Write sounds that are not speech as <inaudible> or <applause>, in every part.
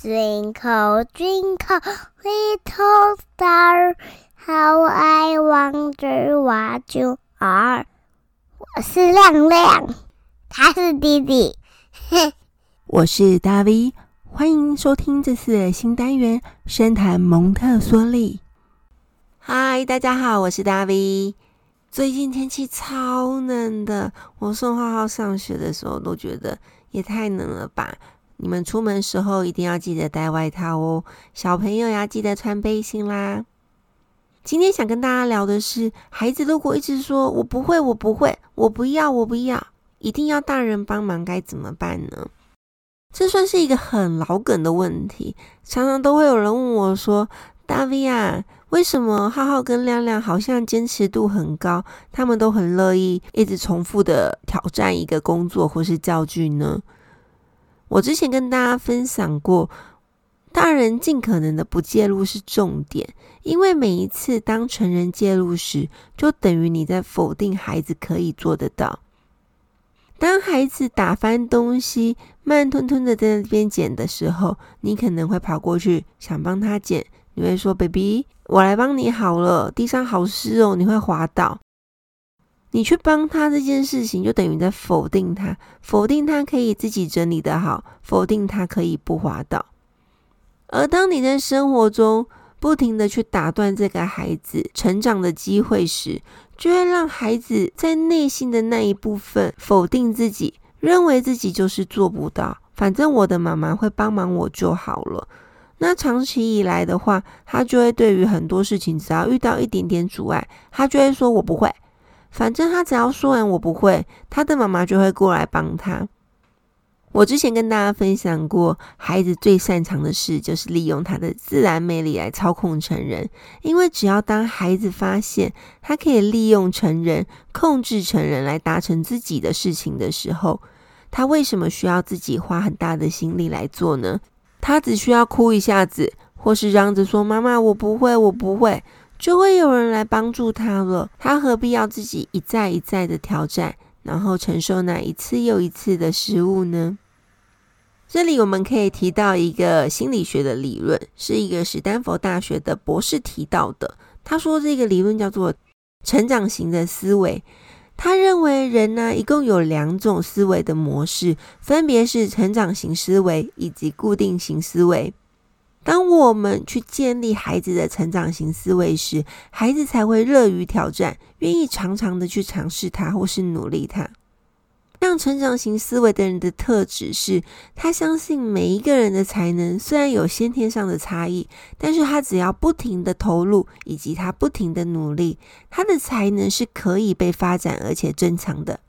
Twinkle, twinkle, little star, how I wonder what you are。我是亮亮，他是弟弟。 <laughs> 我是大 V，歡迎收聽這次的新單元《深談蒙特梭利》。嗨，大家好，我是大 V。最近天氣超冷的，我送浩浩上學的時候都覺得也太冷了吧。你們出門時候一定要記得帶外套哦，小朋友要記得穿背心啦。今天想跟大家聊的是，孩子如果一直說“我不會，我不會，我不要，我不要”，一定要大人幫忙，該怎麼辦呢？這算是一個很老梗的問題，常常都會有人問我說：“大 V 啊，為什麼浩浩跟亮亮好像堅持度很高，他們都很樂意一直重複的挑戰一個工作或是教具呢？”我之前跟大家分享過，大人盡可能的不介入是重點，因為每一次當成人介入時，就等於你在否定孩子可以做得到。當孩子打翻東西，慢吞吞的在那邊撿的時候，你可能會跑過去想幫他撿，你會說：“Baby，我來幫你好了，地上好濕哦，你會滑倒。”你去幫他這件事情，就等於在否定他，否定他可以自己整理得好，否定他可以不滑倒。而當你在生活中不停的去打斷這個孩子成長的機會時，就會讓孩子在內心的那一部分否定自己，認為自己就是做不到。反正我的媽媽會幫忙我就好了。那長期以來的話，他就會對於很多事情，只要遇到一點點阻礙，他就會說，我不會。反正他只要說完，我不會，他的媽媽就會過來幫他。我之前跟大家分享過，孩子最擅長的事就是利用他的自然魅力來操控成人。因為只要當孩子發現他可以利用成人、控制成人來達成自己的事情的時候，他為什麼需要自己花很大的心力來做呢？他只需要哭一下子，或是嚷着說：“媽媽，我不會，我不會。”就會有人來幫助他了。他何必要自己一再一再的挑戰，然後承受那一次又一次的失誤呢？這裡我們可以提到一個心理學的理論，是一個史丹佛大學的博士提到的。他說這個理論叫做成長型的思維。他認為人呢，一共有兩種思維的模式，分別是成長型思維以及固定型思維。當我們去建立孩子的成長型思維時，孩子才會樂於挑戰，願意常常的去嘗試他，或是努力他。讓成長型思維的人的特質是，他相信每一個人的才能雖然有先天上的差異，但是他只要不停的投入，以及他不停的努力，他的才能是可以被發展而且增強的。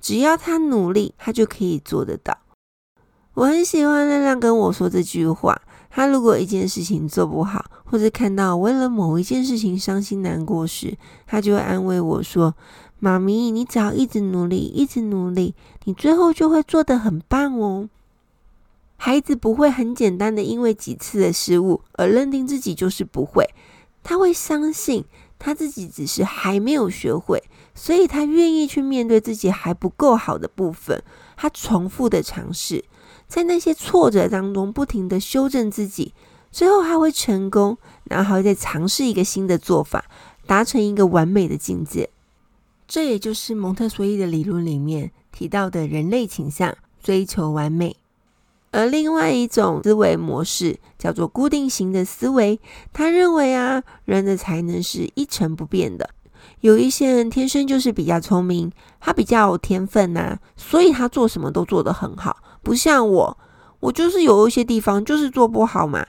只要他努力，他就可以做得到。我很喜歡亮亮跟我說這句話。他如果一件事情做不好，或是看到我為了某一件事情傷心難過時，他就會安慰我說：“媽咪，你只要一直努力，一直努力，你最後就會做得很棒哦。”孩子不會很簡單的因為幾次的失誤而認定自己就是不會，他會相信他自己只是還沒有學會，所以他願意去面對自己還不夠好的部分，他重複的嘗試。在那些挫折當中，不停的修正自己，最後他會成功，然後還會再嘗試一個新的做法，達成一個完美的境界。這也就是蒙特梭利的理論裡面提到的人類傾向，追求完美。而另外一種思維模式叫做固定型的思維。他認為啊，人的才能是一成不變的。有一些人天生就是比較聰明，他比較有天分吶，啊，所以他做什麼都做得很好。不像我，我就是有一些地方就是做不好嘛。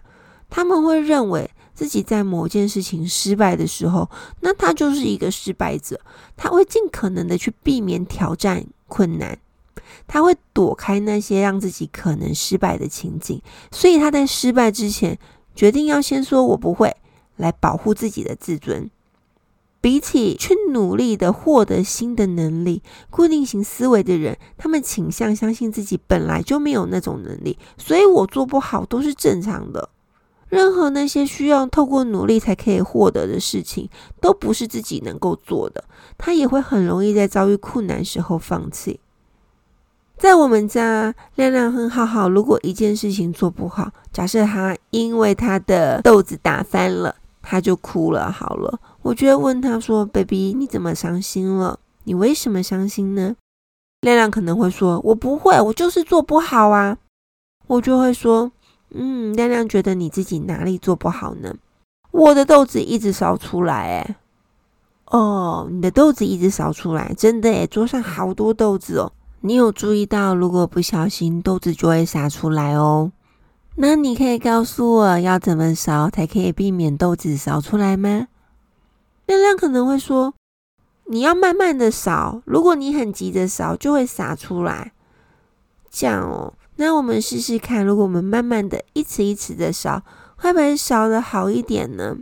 他們會認為自己在某件事情失敗的時候，那他就是一個失敗者。他會盡可能的去避免挑戰困難，他會躲開那些讓自己可能失敗的情景。所以他在失敗之前決定要先說“我不會”，來保護自己的自尊。比起去努力的獲得新的能力，固定型思維的人，他們傾向相信自己本來就沒有那種能力，所以我做不好都是正常的。任何那些需要透過努力才可以獲得的事情，都不是自己能夠做的。他也會很容易在遭遇困難時候放棄。在我們家，亮亮和浩浩，如果一件事情做不好，假設他因為他的豆子打翻了，他就哭了。好了。我就會問他說：“baby，你怎麼傷心了？你為什麼傷心呢？”亮亮可能會說：“我不會，我就是做不好啊。”我就會說：“嗯，亮亮，覺得你自己哪裡做不好呢？”我的豆子一直勺出來、欸，哎，哦，你的豆子一直勺出來，真的哎，欸，桌上好多豆子哦。你有注意到，如果不小心，豆子就會灑出來哦。那你可以告訴我要怎麼勺才可以避免豆子勺出來嗎？亮亮可能會說：“你要慢慢的掃，如果你很急着掃，就會撒出來。這樣哦，那我們試試看，如果我們慢慢的一次一次的掃，會不會掃得好一點呢？”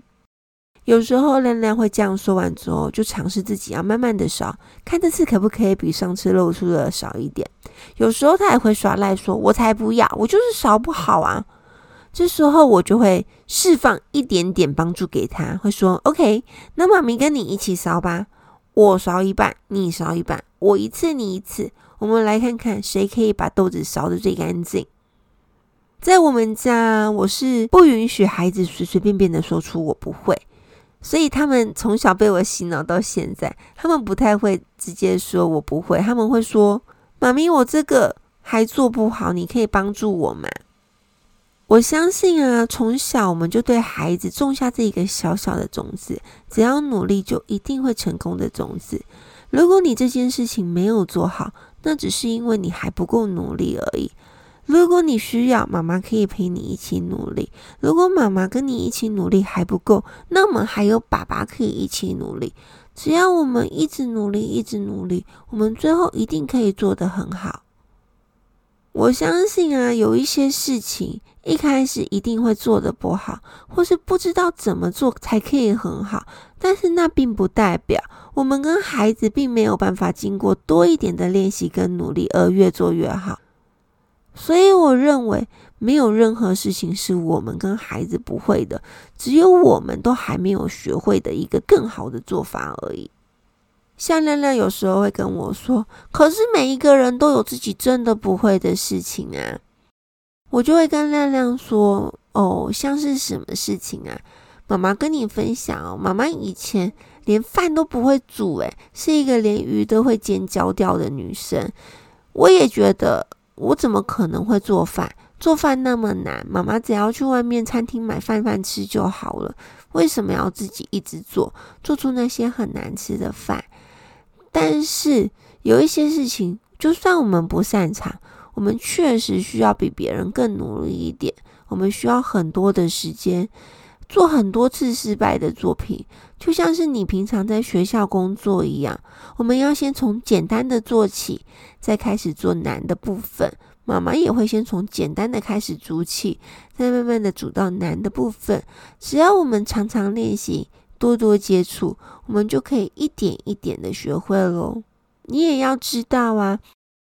有時候亮亮會這樣說完之後，就嘗試自己要慢慢的掃，看這次可不可以比上次露出的少一點。有時候他也會耍賴說：“我才不要，我就是掃不好啊。”這時候我就會釋放一點點幫助給他，會說：“OK，那媽咪跟你一起燒吧，我燒一半，你燒一半，我一次你一次，我們來看看誰可以把豆子燒得最乾淨。”在我們家，我是不允許孩子隨隨便便的說出“我不會”，所以他們從小被我洗腦到現在，他們不太會直接說我不會，他們會說：“媽咪，我這個還做不好，你可以幫助我嗎？”我相信啊，從小我們就對孩子種下這一個小小的種子，只要努力就一定會成功的種子。如果你這件事情沒有做好，那只是因為你還不夠努力而已。如果你需要，媽媽可以陪你一起努力。如果媽媽跟你一起努力還不夠，那我們還有爸爸可以一起努力。只要我們一直努力，一直努力，我們最後一定可以做得很好。我相信啊，有一些事情一開始一定會做得不好，或是不知道怎麼做才可以很好，但是那並不代表我們跟孩子並沒有辦法經過多一點的練習跟努力而越做越好。所以我認為沒有任何事情是我們跟孩子不會的，只有我們都還沒有學會的一個更好的做法而已。像亮亮有時候會跟我說：“可是每一個人都有自己真的不會的事情啊。”我就會跟亮亮說：“哦，像是什麼事情啊？”媽媽跟你分享哦，媽媽以前連飯都不會煮，欸，誒，是一個連魚都會煎焦掉的女生。我也覺得，我怎麼可能會做飯？做飯那麼難，媽媽只要去外面餐廳買飯飯吃就好了，為什麼要自己一直做，做出那些很難吃的飯？但是有一些事情，就算我們不擅長，我們確實需要比別人更努力一點。我們需要很多的時間，做很多次失敗的作品，就像是你平常在學校工作一樣。我們要先從簡單的做起，再開始做難的部分。媽媽也會先從簡單的開始煮起，再慢慢的煮到難的部分。只要我們常常練習，多多接觸，我們就可以一點一點的學會嘍。你也要知道啊，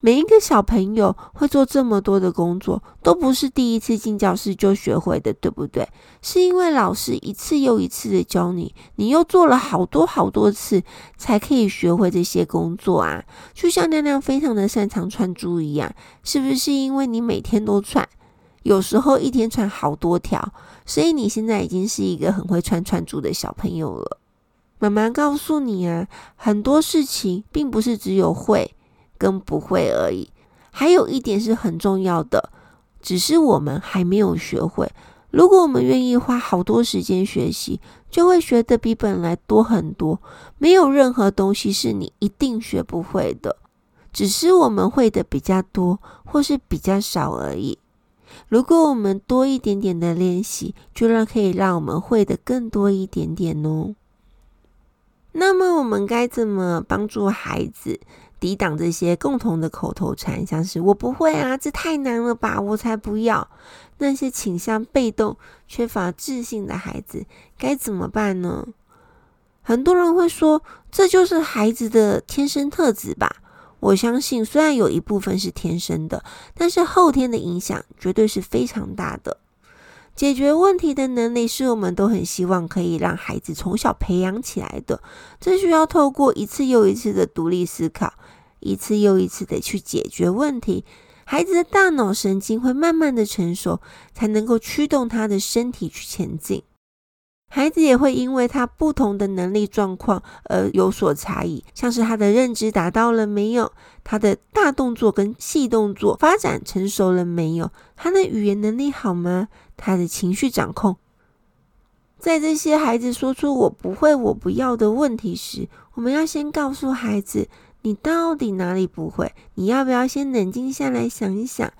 每一個小朋友會做這麼多的工作，都不是第一次進教室就學會的，對不對？是因為老師一次又一次的教你，你又做了好多好多次，才可以學會這些工作啊。就像亮亮非常的擅長串珠一樣，是不是因為你每天都串？有時候一天穿好多條，所以你現在已經是一個很會穿穿珠的小朋友了。媽媽告訴你啊，很多事情並不是只有會跟不會而已，還有一點是很重要的，只是我們還沒有學會。如果我們願意花好多時間學習，就會學得比本來多很多。沒有任何東西是你一定學不會的，只是我們會的比較多或是比較少而已。如果我們多一點點的練習，就讓可以讓我們會的更多一點點哦。那麼，我們該怎麼幫助孩子抵擋這些共同的口頭禪，像是“我不會啊，這太難了吧，我才不要”？那些傾向被動、缺乏自信的孩子該怎麼辦呢？很多人會說，這就是孩子的天生特質吧？我相信，雖然有一部分是天生的，但是後天的影響絕對是非常大的。解決問題的能力是我們都很希望可以讓孩子從小培養起來的。這需要透過一次又一次的獨立思考，一次又一次的去解決問題，孩子的大腦神經會慢慢的成熟，才能夠驅動他的身體去前進。孩子也會因為他不同的能力狀況而有所差異，像是他的認知達到了沒有，他的大動作跟細動作發展成熟了沒有，他的語言能力好嗎？他的情緒掌控。在這些孩子說出“我不會”“我不要”的問題時，我們要先告訴孩子，“你到底哪裡不會？你要不要先冷靜下來想一想？”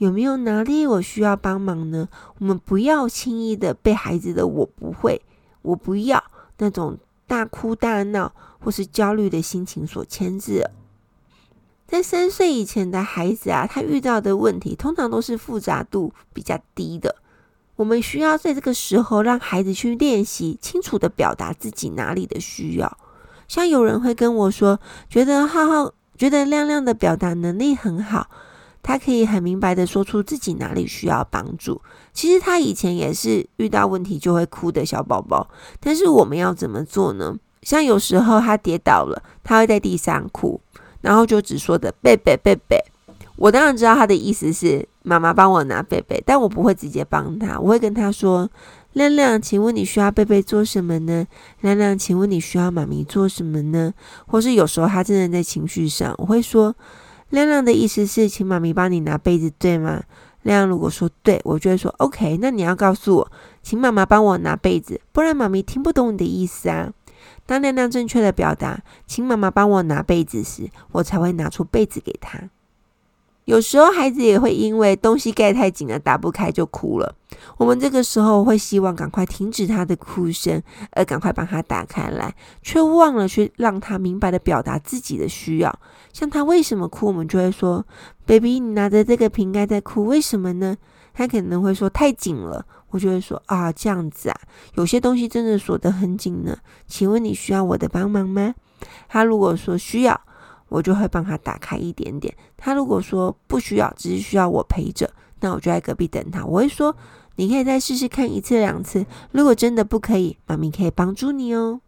有沒有哪裡我需要幫忙呢？我們不要輕易的被孩子的“我不會”，“我不要”那種大哭大鬧或是焦慮的心情所牽制。在三歲以前的孩子啊，他遇到的問題通常都是複雜度比較低的。我們需要在這個時候讓孩子去練習，清楚的表達自己哪裡的需要。像有人會跟我說，覺得浩浩，覺得亮亮的表達能力很好。他可以很明白地說出自己哪裡需要幫助。其實他以前也是遇到問題就會哭的小寶寶，但是我們要怎麼做呢？像有時候他跌倒了，他會在地上哭，然後就只說的貝貝貝貝。我當然知道他的意思是媽媽幫我拿貝貝，但我不會直接幫他，我會跟他說：亮亮，請問你需要貝貝做什麼呢？亮亮，請問你需要媽咪做什麼呢？或是有時候他真的在情緒上，我會說。亮亮的意思是，請媽咪幫你拿被子，對嗎？亮亮如果說對，我就會說 OK。那你要告訴我，請媽媽幫我拿被子，不然媽咪聽不懂你的意思啊。當亮亮正確的表達“請媽媽幫我拿被子”時，我才會拿出被子給他。有時候孩子也會因為東西蓋太緊了打不開就哭了。我們這個時候會希望趕快停止他的哭聲，而趕快幫他打開來，卻忘了去讓他明白地表達自己的需要。像他為什麼哭，我們就會說：“Baby，你拿着這個瓶蓋在哭，為什麼呢？”他可能會說：“太緊了。”我就會說：“啊，這樣子啊，有些東西真的鎖得很緊呢。請問你需要我的幫忙嗎？”他如果說需要。我就會幫他打開一點點。他如果說不需要，只是需要我陪着，那我就在隔壁等他。我會說，你可以再試試看一次、兩次。如果真的不可以，媽咪可以幫助你哦。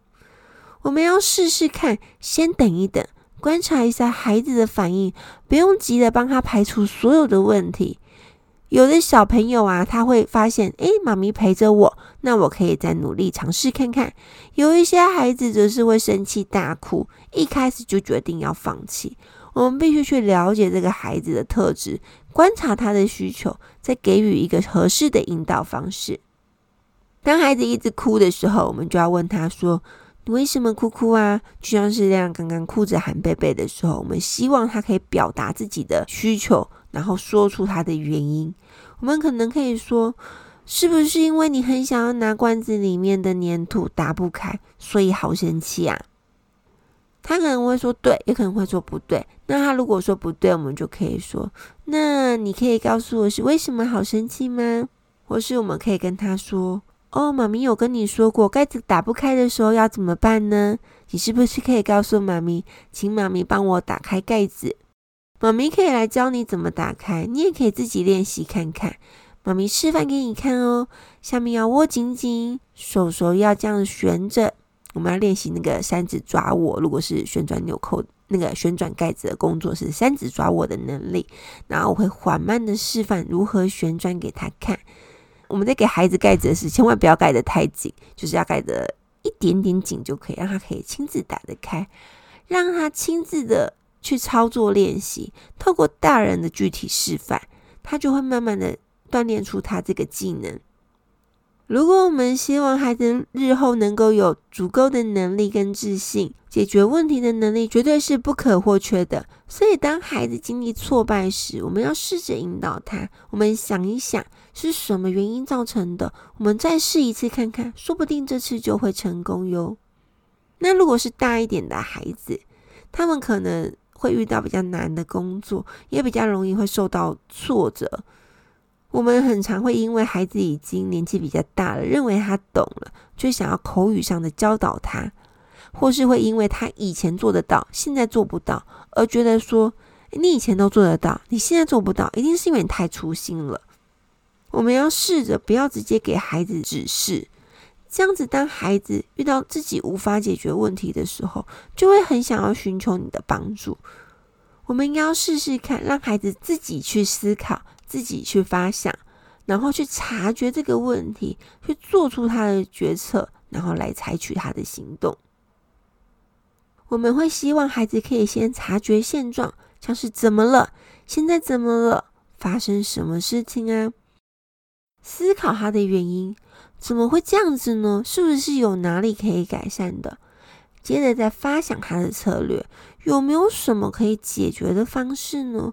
我們要試試看，先等一等，觀察一下孩子的反應，不用急着幫他排除所有的問題。有的小朋友啊，他會發現，哎、欸，媽咪陪着我，那我可以再努力嘗試看看。有一些孩子則是會生氣大哭，一開始就決定要放棄。我們必須去了解這個孩子的特質，觀察他的需求，再給予一個合適的引導方式。當孩子一直哭的時候，我們就要問他說：“你為什麼哭哭啊？”就像是這樣，剛剛哭着喊貝貝的時候，我們希望他可以表達自己的需求。然後說出他的原因，我們可能可以說，是不是因為你很想要拿罐子裡面的粘土打不開，所以好生氣啊？他可能會說對，也可能會說不對。那他如果說不對，我們就可以說，那你可以告訴我是為什麼好生氣嗎？或是我們可以跟他說，哦，媽咪有跟你說過蓋子打不開的時候要怎麼辦呢？你是不是可以告訴媽咪，請媽咪幫我打開蓋子？媽咪可以來教你怎麼打開，你也可以自己練習看看。媽咪示範給你看哦。下面要握緊緊，手手要這樣懸着。我們要練習那個三指抓握，如果是旋轉紐扣，那個旋轉蓋子的工作是三指抓握的能力。然後我會緩慢的示範如何旋轉給他看。我們在給孩子蓋子的時候，千萬不要蓋得太緊，就是要蓋得一點點緊就可以，讓他可以親自打得開，讓他親自的。去操作練習，透過大人的具體示範，他就會慢慢的鍛鍊出他這個技能。如果我們希望孩子日後能夠有足夠的能力跟自信，解決問題的能力絕對是不可或缺的。所以，當孩子經歷挫敗時，我們要試着引導他。我們想一想是什麼原因造成的，我們再試一次看看，說不定這次就會成功喲。那如果是大一點的孩子，他們可能。會遇到比較難的工作，也比較容易會受到挫折。我們很常會因為孩子已經年紀比較大了，認為他懂了，卻想要口語上的教導他，或是會因為他以前做得到，現在做不到，而覺得說你以前都做得到，你現在做不到，一定是因為你太粗心了。我們要試着不要直接給孩子指示。這樣子，當孩子遇到自己無法解決問題的時候，就會很想要尋求你的幫助。我們要試試看，讓孩子自己去思考，自己去發想，然後去察覺這個問題，去做出他的決策，然後來採取他的行動。我們會希望孩子可以先察覺現狀，像是怎麼了，現在怎麼了，發生什麼事情啊？思考他的原因。怎麼會這樣子呢？是不是有哪裡可以改善的？接着再發想他的策略，有沒有什麼可以解決的方式呢？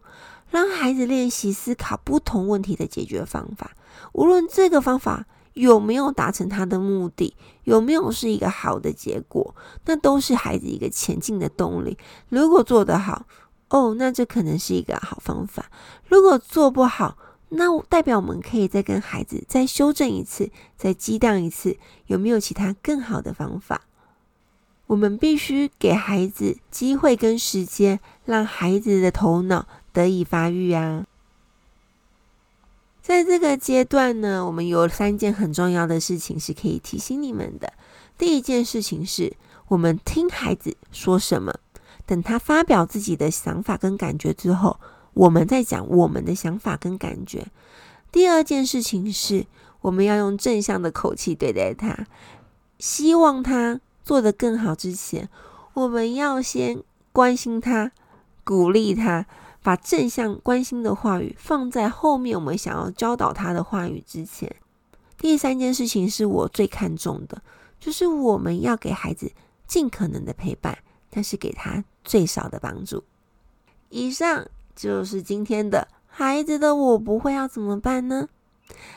讓孩子練習思考不同問題的解決方法，無論這個方法有沒有達成他的目的，有沒有是一個好的結果，那都是孩子一個前進的動力。如果做得好，哦，那這可能是一個好方法。如果做不好，那代表我們可以再跟孩子再修正一次，再激盪一次，有沒有其他更好的方法？我們必須給孩子機會跟時間，讓孩子的頭腦得以發育啊。在這個階段呢，我們有三件很重要的事情是可以提醒你們的。第一件事情是我們聽孩子說什麼，等他發表自己的想法跟感覺之後，我們在講我們的想法跟感覺。第二件事情是，我們要用正向的口氣對待他，希望他做得更好。之前，我們要先關心他，鼓勵他，把正向關心的話語放在後面。我們想要教導他的話語之前，第三件事情是我最看重的，就是我們要給孩子盡可能的陪伴，但是給他最少的幫助。以上。就是今天的孩子的我不會要怎麼辦呢？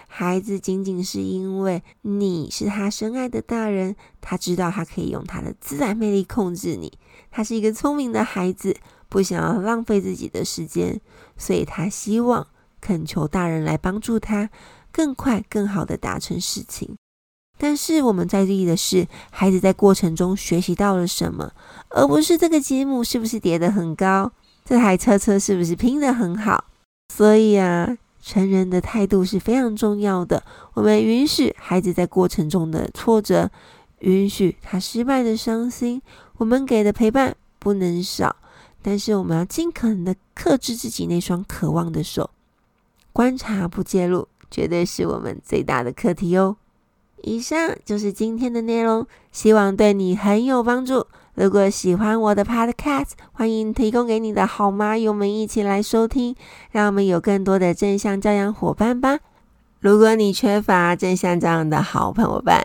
孩子僅僅是因為你是他深愛的大人，他知道他可以用他的自然魅力控制你。他是一個聰明的孩子，不想要浪費自己的時間，所以他希望懇求大人來幫助他，更快、更好的達成事情。但是我們在意的是，孩子在過程中學習到了什麼，而不是這個積木是不是疊得很高。這台車車是不是拼得很好？所以啊，成人的態度是非常重要的。我們允許孩子在過程中的挫折，允許他失敗的傷心。我們給的陪伴不能少，但是我們要盡可能的克制自己那雙渴望的手。觀察不介入，絕對是我們最大的課題哦。以上就是今天的內容，希望對你很有幫助。如果喜歡我的 Podcast，歡迎提供給你的好媽友們一起來收聽，讓我們有更多的正向教養夥伴吧。如果你缺乏正向教養的好夥伴，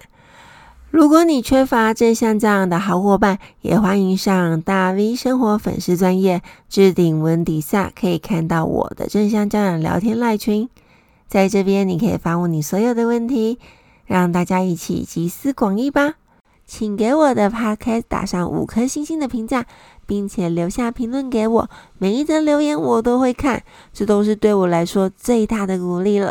如果你缺乏正向教養的好夥伴，也歡迎上大 V 生活粉絲專頁置頂文底下，可以看到我的正向教養聊天賴群，在這邊你可以發問你所有的問題，讓大家一起集思廣益吧。請給我的 podcast 打上五顆星星的評價，並且留下評論給我，每一則留言我都會看，這都是對我來說最大的鼓勵了。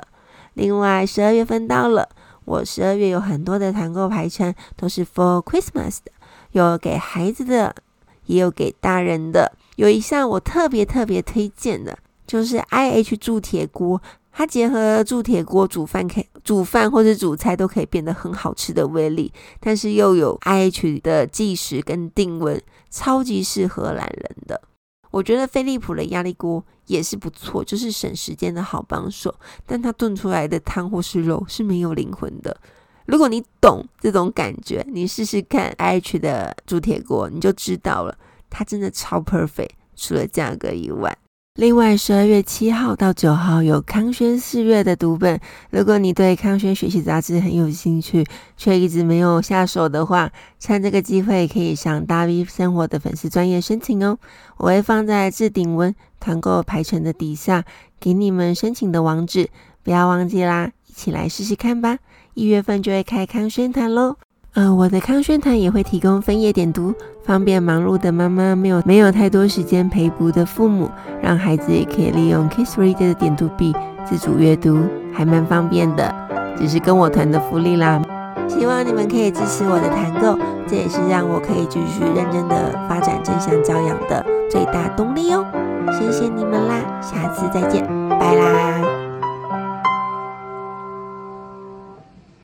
另外，十二月份到了，我十二月有很多的團購排程，都是 for Christmas 的，有給孩子的，也有給大人的。有一項我特別特別推薦的，就是 IH 鑄鐵鍋。它結合鑄鐵鍋煮飯，可以煮飯或是煮菜都可以變得很好吃的威力，但是又有 IH 的計時跟定溫，超級適合懶人的。我覺得飛利浦的壓力鍋也是不錯，就是省時間的好幫手，但它燉出來的湯或是肉是沒有靈魂的。如果你懂這種感覺，你試試看 IH 的鑄鐵鍋，你就知道了，它真的超 perfect，除了價格以外。另外，十二月七號到九號有康軒四月的讀本。如果你對康軒學習雜誌很有興趣，卻一直沒有下手的話，趁這個機會可以上大 V 生活的粉絲專頁申請哦。我會放在置頂文團購排程的底下，給你們申請的網址，不要忘記啦！一起來試試看吧。一月份就會開康軒團嘍。呃，我的康軒團也會提供分頁點讀，方便忙碌的媽媽沒有沒有太多時間陪讀的父母，讓孩子也可以利用 Kiss Reader 的點讀筆自主閱讀，還蠻方便的，只是跟我團的福利啦。希望你們可以支持我的團購，這也是讓我可以繼續認真地發展正向教養的最大動力哦。謝謝你們啦，下次再見，拜啦。